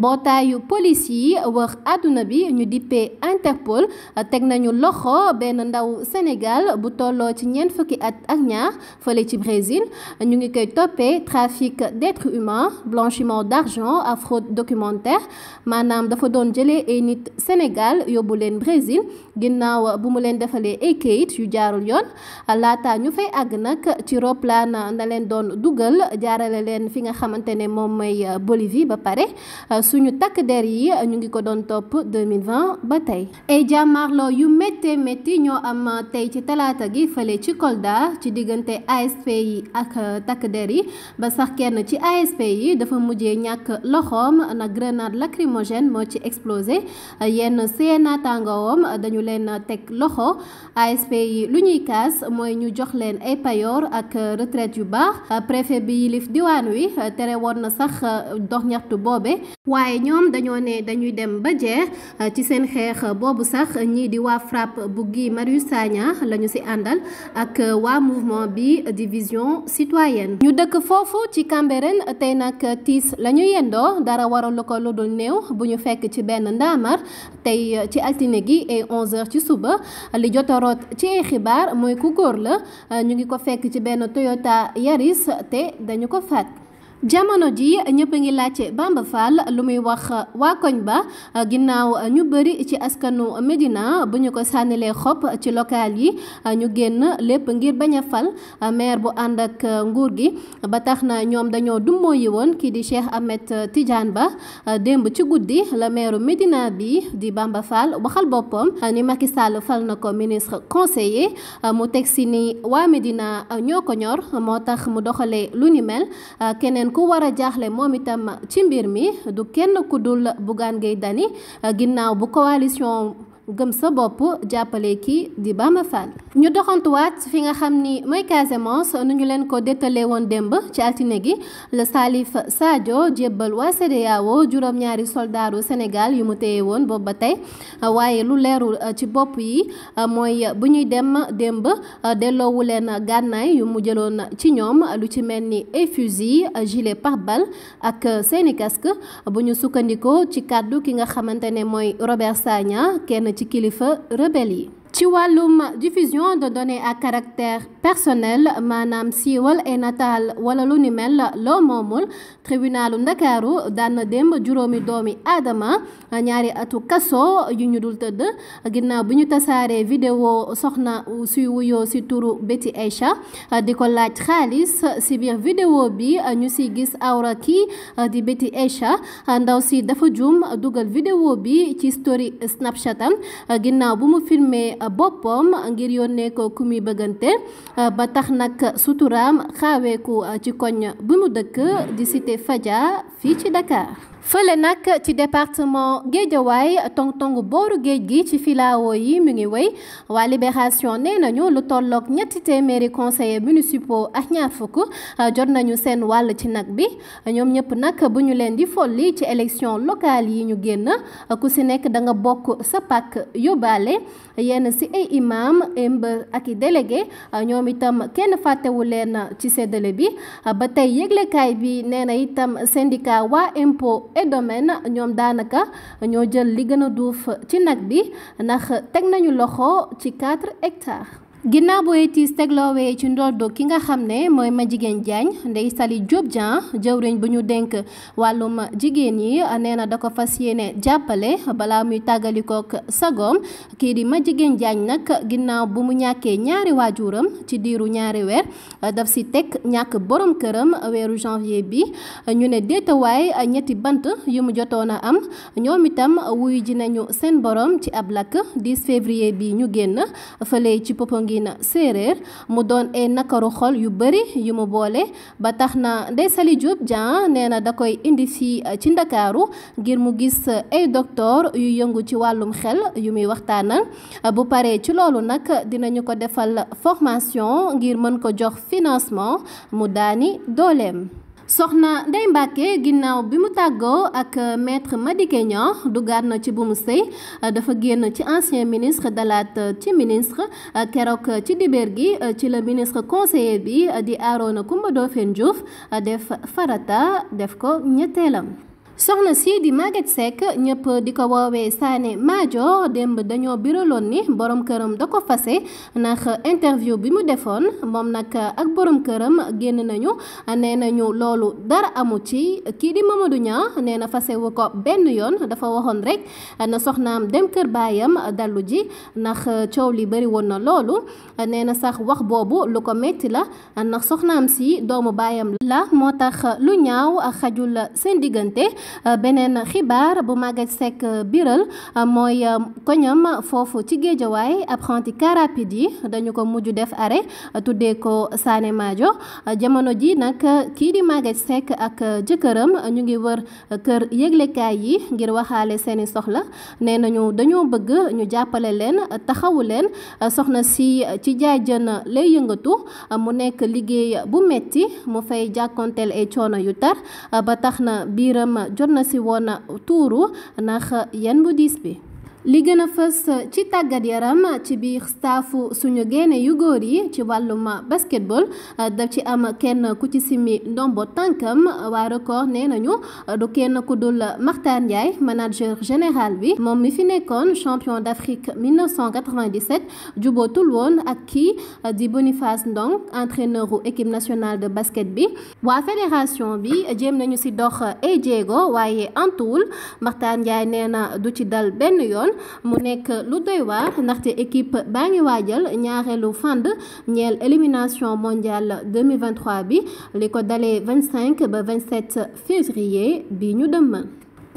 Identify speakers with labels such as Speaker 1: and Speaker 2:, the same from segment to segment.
Speaker 1: bataille police yi à Dunabi bi ñu dippee Interpol teg nañu loxo benn ndaw Sénégal bu tolloo ci ñeen fukki at ak ñaar fële ci Brésil ñu ngi koy toppee trafic d'êtres humains blanchiment d'argent fraude documentaire maanaam dafa doon jëlee ay nit Sénégal yóbbu Brésil ginnaaw bu mu leen defalee ay kayit yu jaarul yoon laata ñu fay àgg nag ci roplaan na leen doon dugal jaarale leen fi nga xamante ne moom mooy Bolivie ba pare suñu tak der yi ñu ngi ko doon topp 2020 ba tey ay jàmmaarloo yu méttee metti ñoo am tey ci talaata gi fële ci Kolda ci diggante ASP yi ak euh, tak der yi ba sax kenn ci ASP yi dafa mujjee ñàkk loxoom na grenade lacrymogène moo ci explosé yenn cna naataangoom dañu leen teg loxo ASP yi lu ñuy kaas mooy ñu jox leen ay payor ak euh, retraite yu baax préfet bi yilif diwaan wi tere woon na sax euh, dox ñaxtu boobe waaye ñoom dañoo ne dañuy dem ba jeex euh, ci seen xeex boobu sax ñii di waa FRAPP bu Guy Marius Sagna lañu ñu si àndal ak euh, waa mouvement bi division citoyen ñu dëkk foofu ci Cambérène tey nag tiis la ñu yendoo dara waralu ko lu dul néew bu ñu fekk ci benn ndaamaar tey euh, ci altine gi ay 11 ci suba li jot ci ay xibaar mooy ku góor la ñu ngi ko fekk ci benn Toyota Yaris te dañu ko faat. jamono ji ñëpp a ngi laajte Bamba Fall lu muy wax waa koñ ba ginnaaw ñu bëri ci askanu Médina bu ñu ko sànnilee xob ci local yi ñu génn lépp ngir bañ a fal maire bu ànd ak nguur gi ba tax na ñoom dañoo dummoo woon kii di Cheikh Ahmed Tidiane Ba démb ci guddi la maire Médina bi di Bamba Fall waxal boppam ni Macky Sall fal na ko ministre conseiller mu teg si ni waa Médina ñoo ko ñor moo tax mu doxalee lu ni mel keneen keneen ku war a jaaxle moom itam ci mbir mi du kenn ku dul Bougane Gueye Dany ginnaaw bu coalition gëm sa bopp jàppale kii di Bamba Fall ñu doxantuwaat fi nga xam ni mooy Casamance nu ñu leen ko détalee woon démb ci altine gi le Salif Sadio jébbal waa CEDEAO juróom-ñaari soldaaru Sénégal yu mu téye woon boobu ba tey waaye lu leerul uh, ci bopp yi uh, mooy bu ñuy dem démb uh, delloowu leen gànnaay yu mu jëloon ci ñoom lu ci mel ni fusil gilet pare-balle ak seeni casque bu ñu sukkandikoo ci kàddu ki nga xamante ne mooy Robert Sagna kenn ci les rebelle yi ci diffusion de données à caractère personnel maanaam siiwal ay e nataal wala lu ni mel loo moomul tribunalu ndakaaru daan na démb juróomi doomi aadama ñaari atu kaso yu ñu dul tëdd ginnaaw bi ñu tasaaree vidéo soxna suy wuyoo si turu Betty Aïcha di ko laaj xaalis si biir vidéo bi ñu ci gis awra kii di Betty Aïcha ndaw si dafa juum dugal vidéo bi ci story Snapchat ginnaaw bu mu filmé boppam ngir yónnee ko ku muy bëggante Euh, ba tax nag suturaam xaaweeku euh, ci koñ bi mu dëkk di cité Fadia fii ci Dakar fële nag ci département Guédiawaay tong-tong booru géej gi ci filao yi mu ngi wéy waa Libération nee nañu lu tolloog ñetti téeméeri conseillers municipaux ak ñaar fukk euh, jot nañu seen wàll ci nag bi ñoom ñëpp nag bu ñu leen di folli ci élection locale yi ñu génn ku si nekk danga bokk sa pàkk yóbbaale yenn si ay imam imba ak i délégué euh, ñoom itam kenn fàttewu leen ci séddale bi ba tey yëglekaay bi nee na itam syndicat waa impôt et domaine ñoom daanaka ñoo jël li gën a duuf ci nag bi ndax teg nañu loxo ci 4 hectares ginnaaw booy tiis tegloowee ci ndoddo ki nga xam ne mooy ma jigéen Diagne Ndeye Saly job Dieng jëwriñ bu ñu dénk wàllum jigéen ñi nee na da ko fas yéene jàppale balaa muy tàggalikook sagoom kii di Madjiguène Diagne nag ginnaaw bu mu ñàkkee ñaari waajuram ci diiru ñaari weer daf si teg ñàkk boroom këram weeru janvier bi ñu ne déetawaay ñetti bant yu mu jotoon a am ñoom itam wuyu ji nañu seen boroom ci ab lakk 10 bi ñu génn fële ci Popenguine làkkin séeréer mu doon ay nakaru xol yu bëri yu mu boole ba tax na Ndeye Saly Diop Dieng nee na da koy indi fii uh, ci Ndakaaru ngir mu gis uh, ay docteur yu yëngu ci wàllum xel yu muy waxtaanal uh, bu paree ci loolu nag dinañu ko defal formation ngir mën ko jox financement mu daani dooleem soxna Ndeye Mbacke ginnaaw bi mu tàggoo ak maître Madické Niang dugaat na ci bu mu sëy dafa génn ci ancien ministre dalaat ci ministre keroog ci dibeer gi ci la ministre conseiller bi di Arona Coumba Ndoffène Diouf def farata def ko ñetteelam soxna sii di Maguette Seck ñëpp di ko woowee Sané Madior démb dañoo biraloon ni borom këram da ko fase ndax interview bi mu defoon moom nag ak borom këram génn nañu nee nañu loolu dara amu ci kii di Mamadou Niang nee na fase ko benn yoon dafa waxoon rek na soxnaam dem kër baayam dallu ji ndax coow li bëri woon na loolu nee na sax wax boobu lu ko metti la ndax soxnaam si doomu baayam la moo tax lu ñaaw xajul seen diggante Euh, beneen xibaar bu Maguette Seck euh, biral euh, mooy koñam foofu ci géejawaay apprenti car yi dañu ko mujj def are tuddee ko Sané Madio jamono ji nag kii di Maguette Seck ak jëkkëram ñu ngi wër kër yëglekaay yi ngir waxaale seeni soxla nee nañu dañoo bëgg ñu jàppale leen taxawu leen soxna si ci jaay jën lay yëngatu mu nekk liggéey bu metti mu fay jàkkonteel ay coono yu tar ba tax na biiram jot na si woon tuuru ndax yan bu diis bi li gëna fess uh, ci tagat yaram ci biir staffu suñu gene yu ci basketball uh, da ci am kenn ku ci ndombo record nee Doken Kudul uh, kenn ku manager général bi Mom mi fi champion d'Afrique 1997 jubootul won ak ki di Boniface Ndong entraîneur ou équipe nationale de basket bi wa fédération bi jëm nañu ci dox e jéego waaye antoul du ci dal yoon mu nek lu doy ndaxte équipe baa wadjal fand ñel élimination mondiale 2023 bi liko dalé 25 27 février bi ñu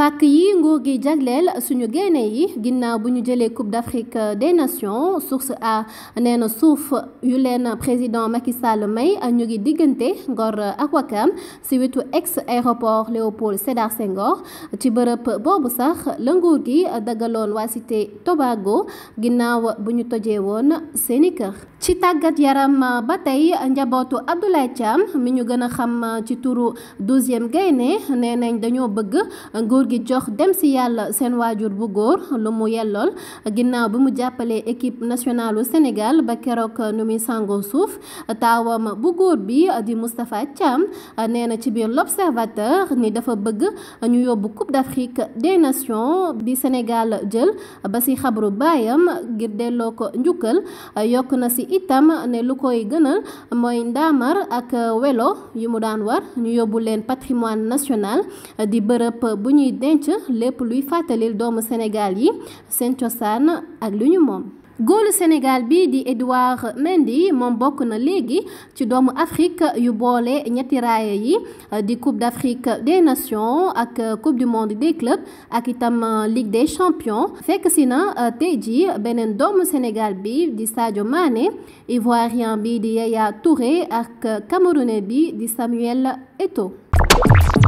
Speaker 1: pàkk yi nguur gi jagleel suñu gaynde yi ginnaaw bu ñu jëlee coupe d'Afrique des nations source a nee na suuf yu leen président Macky Sall may ñu ngi diggante Ngor ak Wakam ci wetu ex aéroport Léopold Sédar Senghor ci bërëb boobu sax la nguur gi dagaloon waa cité Tobago ginnaaw bu ñu tojee woon seeni kër. ci tàggat yaram ba tey njabootu Abdoulaye Thiam mi ñu gën a xam ci turu douzième gaynde nee nañ bëgg gi jox dem si yàlla seen waajur bu góor lu mu yellool ginnaaw bi mu jàppalee équipe nationale u Sénégal ba keroog nu muy sàngoo suuf taawam bu góor bi di Moustapha Thiam nee na ci biir l'observateur ni dafa bëgg ñu yóbbu Coupe d'Afrique des Nations di Sénégal jël ba si xabru baayam ngir delloo ko njukkal yokk na si itam ne lu koy gënal mooy ndaamaar ak welo yi mu daan war ñu yóbbu leen patrimoine national di bërëb bu ñuy denc lépp luy fàttalil doomu Sénégal yi seen cosaan ak lu ñu moom góolu Sénégal bi di Edouard Mendy moom bokk na léegi ci doomu Afrique yu boole ñetti raaya yi di Coupe d'Afrique des Nations ak Coupe du Monde des clubs ak itam Ligue des Champions fekk si na tey jii beneen doomu Sénégal bi di Sadio Mané Ivoirien bi di Yaya Touré ak Camerounais bi di Samuel eto